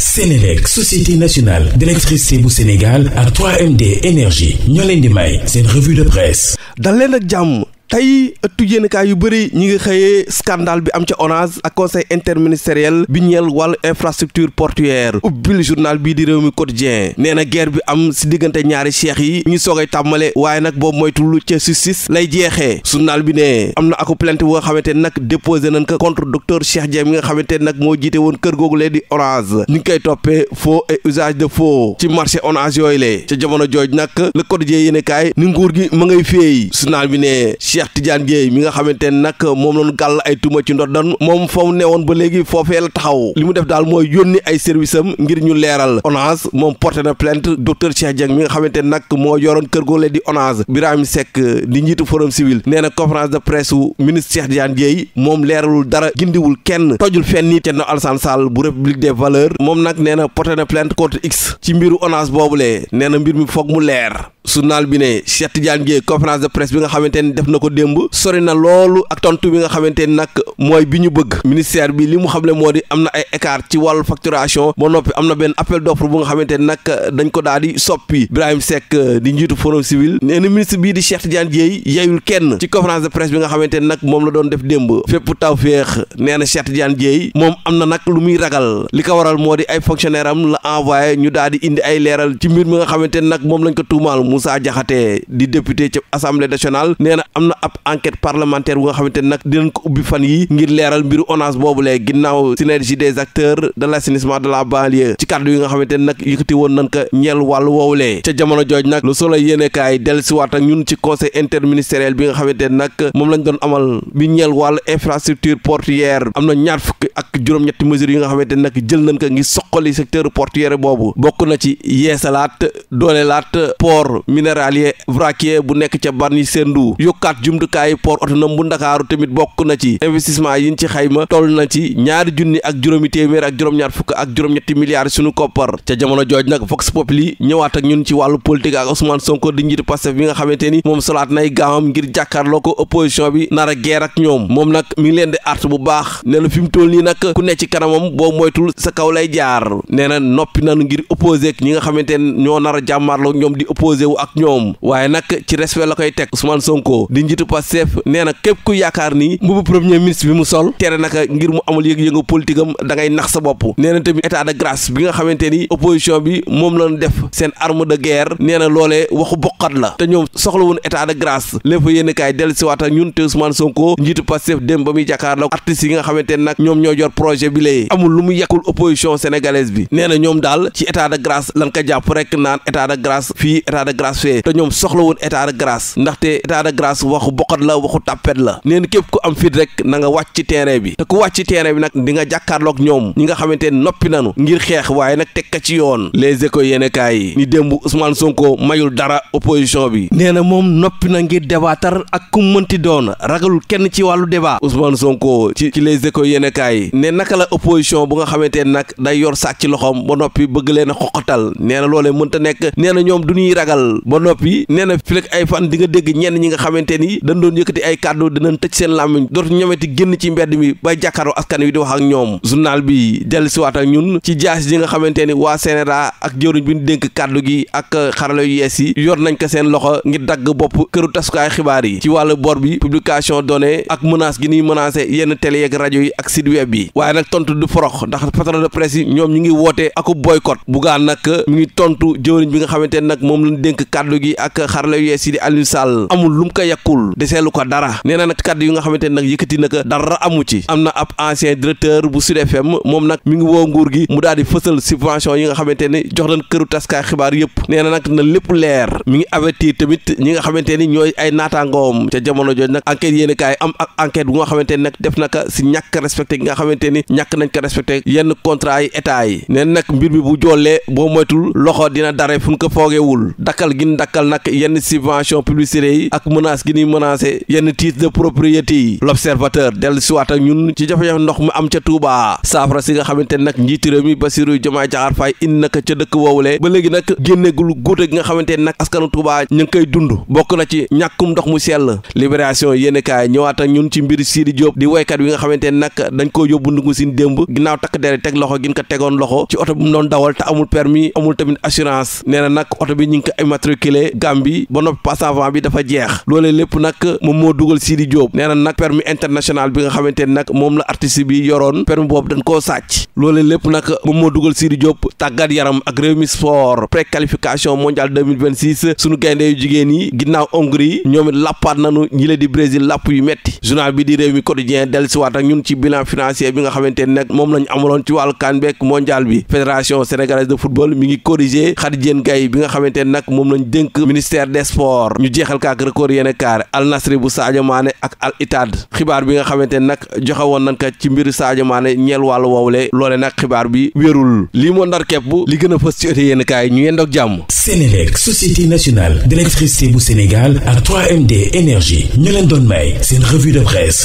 Sénélec société nationale d'électricité bu Sénégal ak 3MD énergie ñoo leen di may seen revue de presse. dal leen ak jàmm. tey ëttu yéenekaay yu bëri ñi ngi xëyee scandale bi am ca ONAS ak conseil interministériel bi ñeel wàllu infrastructure portuaire ubbil journal bii di réew mi quotidien nee na guerre bi am si diggante ñaari cheikh yi ñu soogay tàmmale waaye nag boobu moytul ca justice lay jeexee journal bi ne am na aku plainte bu nga xamante nag déposé nañ ko contre docteur Cheikh Dieng mi nga xamante nag moo jiite woon kër googu lee di ONAS ñu ngi koy toppee foo et usage ci marché ONAS yooyu le ca jamono jooj nag le quotidien yéenekaay ni nguur gi ma ngay féey journal bi ne Cheikh Tidiane Dieye mi nga xamante ne nag moom loon gàll ay tuma ci ndoddan moom fa mu newoon ba léegi foofee taxaw li mu def daal mooy yónni ay service ngir ñu leeral ONAS moom porté na plainte docteur Cheikh Dieng mi nga xamante ne nag moo yoroon kër goole di ONAS Birahim Seck di njiitu forum civil nee na conférence de presse u ministre Cheikh Tidiane Dieye moom leeralul dara gindiwul kenn tojul fenn it Thierno Alassane Sall bu République des valeurs moom nag nee na mu leer journal bi démb sori na loolu ak tontu bi nga xamante ni nag mooy bi ñu bëgg ministère bi li mu xamle moo di am na ay écart ci wàll facturation ba noppi am na benn appel d'offre bu nga xamante ni nag dañ ko daal di soppi Ibrahim Seck di njiitu forum civil nee na ministre bii di Cheikh Tidiane Dièye yeyul kenn ci conférence de presse bi nga xamante ni nag moom la doon def démb fépp taw féex nee na Cheikh Tidiane Dièye moom am na nag lu muy ragal li ko waral moo di ay fonctionnaire am la envoyé ñu daal di indi ay leeral ci mbir mi nga xamante ni nag moom lañ ko tuumaal Moussa Diakhaté di député ci assemblée nationale ab enquête parlementaire bu nga xamante ne nag dinañ ko ubbi fan yi ngir leeral mbiru ONAS boobu lee ginnaaw synergie des acteurs de l'assainissement de la banlieue ci kàddu yi nga xamante ne nag yëkkati woon nañ ko ñeel wàll woowulee ca jamono nag lu solo yéenekaay del siwaat ak ñun ci conseil interministériel bi nga xamante ne nag moom lañ doon amal bi ñeel wàllu infrastructure portuaire am na ñaar fukki ak juróom-ñetti mesures yi nga xamante ne nag jël nañ ko ngir soqali secteur portuaire boobu bokk na ci yeesalaat doolelaat port minéralier vraquier bu nekk ca Bargny Sendou yokkaat jumtukaayu port autonome bu ndakaaru tamit bokk na ci investissement yi ñu ci xayma toll na ci ñaari junni ak juróomi téeméer ak juróom-ñaar fukk ak juróom-ñetti milliards suñu koppar ca jamono jooj nag Vox Populi ñëwaat ak ñun ci wàllu politique ak Ousmane Sonko di njiitu Pastef bi nga xamante ni moom solaat nay gaawam ngir jàkkaarloo ko opposition bi nar a ak ñoom moom nag mi ngi leen di art bu baax nee na fi mu toll nii nag ku ne ci kanamam boo moytul sa kaw lay jaar nee na noppi nan ñi nga xamante ne ñoo nar a jàmmaarloo ñoom di opposé wu ak ñoom waaye nag ci respect la koy njiitu képp ku yaakaar ni mbubu premier ministre bi mu sol tere naka ngir mu amul yëg-yëngu politique am da ngay nax sa bopp nee na tamit état de grâce bi nga xamante opposition bi moom lañ def seen arme de guerre nee na loolee waxu bokkat la te ñoom soxlawun état de grâce lépp si waat ak ñun te Ousmane Sonko ni nag ñoom ñoo jor projet bi lay bi nee na ñoom daal ci état de grâce lan ko jàpp rek naan état de grâce fii état de grâce fee te ñoom soxlawun état de grâce ndaxte état de grâce wax waxu boqat la waxu tàppet la neen képp ku am fit rek na nga wàcc ci terrain bi te ku wàcc ci terrain bi nag di nga jàkkaarloog ñoom ñi nga xamante noppi nanu ngir xeex waaye nag teg ka ci yoon les échos yéenekaay yi ni démb Ousmane Sonko mayul dara opposition bi nee na moom noppi na ngir débattar ak ku mënti doon ragalul kenn ci wàllu débat Ousmane Sonko ci ci les échos yéenekaay yi ne naka la opposition bu nga xamante ne nag day yor saak ci loxoom ba noppi bëgg leen a xoqatal nee na loolee mënta nekk nee na ñoom du ñuy yi dañ doon yëkkati ay kàddu dinañ tëj seen làmmiñ dootu ñameti génn ci mbedd mi bay jàkkaaroo askan wi di wax ak ñoom journal bi dellusiwaat ak ñun ci jaas yi nga xamante ni waa CNRA ak jëwriñ bi dénk kàddu gi ak xarala yu yees yi yor nañ ko seen loxo ngir dagg bopp këru tasukaay xibaar yi ci wàll bor bi publication données ak menace gi ñuy menacé yenn télé yeeg rajo yi ak site web yi waaye nag tontu du forox ndax patron de presse yi ñoom ñu ngi woote aku boycott bugaan nag mi ngi tontu jëwriñ bi nga xamante ni nag moom lañ dénk kàddu gi ak xarala yu yees amul deseelu ko dara nee na nag kàddu yu nga xamante ne nag yëkkati na dara amu ci am na ab ancien directeur bu Sud moom nag mi ngi woo nguur gi mu daal di fësal subvention yi nga xamante ne jox nañ këru taskaay xibaar yëpp nee na nag na lépp leer mi ngi avertir tamit ñi nga xamante ni ñooy ay naataangoom ca jamono jooju nag enquête yéen kaay am ak enquête bu nga xamante ni nag def na ko si ñàkk respecté gi nga xamante ni ñàkk nañ ko respecté yenn contrat yi état yi nee na bi bu jollee boo moytul loxo dina dare fu ñu ko foogeewul dakkal gin dakkal nag yenn subvention publicité yi menacer yenn titres de propriété yi l'observateur dellu siwaat ak ñun ci jafe-jafe ndox mu am ca Touba saafara si nga xamante nag njiiti réew mi Bassirou Diomaye Diakhar Faye indi naka ca dëkk woowule ba léegi nag génneegul guute gi nga xamante nag askanu Touba ñu ngi koy dund bokk na ci ñàkkum ndox mu sell libération yéeni kaay ñëwaat ak ñun ci mbir Sidi Diop di woykat bi nga xamante nag dañ koo yóbbu ndungu sin démb ginnaaw takk dere teg loxo gin ko tegoon loxo oto bi mu doon dawal te amul permis amul tamit assurance nee na nag oto bi ñu ngi ko immatriculé Gambie ba noppi passe avant bi jeex nag moom moo dugal Sidi Diop nee na nag permis international bi nga xamante ni nag moom la artiste bi yoroon permis boobu dañ koo sàcc loolee lépp nag moom moo dugal Sidi Diop tàggat yaram ak Rewmi Sport préqualification mondiale 2026 sunu gaynde yu jigéen yi ginnaaw Hongrie ñoom it lappaat nañu ñi la di Brésil lapp yu metti journal bi di Rewmi Quotidien dellusiwaat ak ñun ci bilan financier bi nga xamante ni nag moom lañ amaloon ci wàllu CAN beeg mondial bi fédération sénégalaise de football mi ngi corrigé Khady Diène Gaye bi nga xamante ni nag moom lañ dénk ministère des sports ñu jeexel kaak record yéen a kaar Al Nasri bu Sadio maane ak Al Ittihad xibaar bi nga xamante ne nag joxe woon nañ ko ci mbiru Sadio Mané ñeel wàllu woowule loole nag xibaar bi wérul lii moo ndar kepp li gën a fës ci ëte yéen kaay ñu yendoog jàmm Sénélec société nationale d'électricité bu Sénégal ak 3MD énergie ñu leen doon may seen revue de presse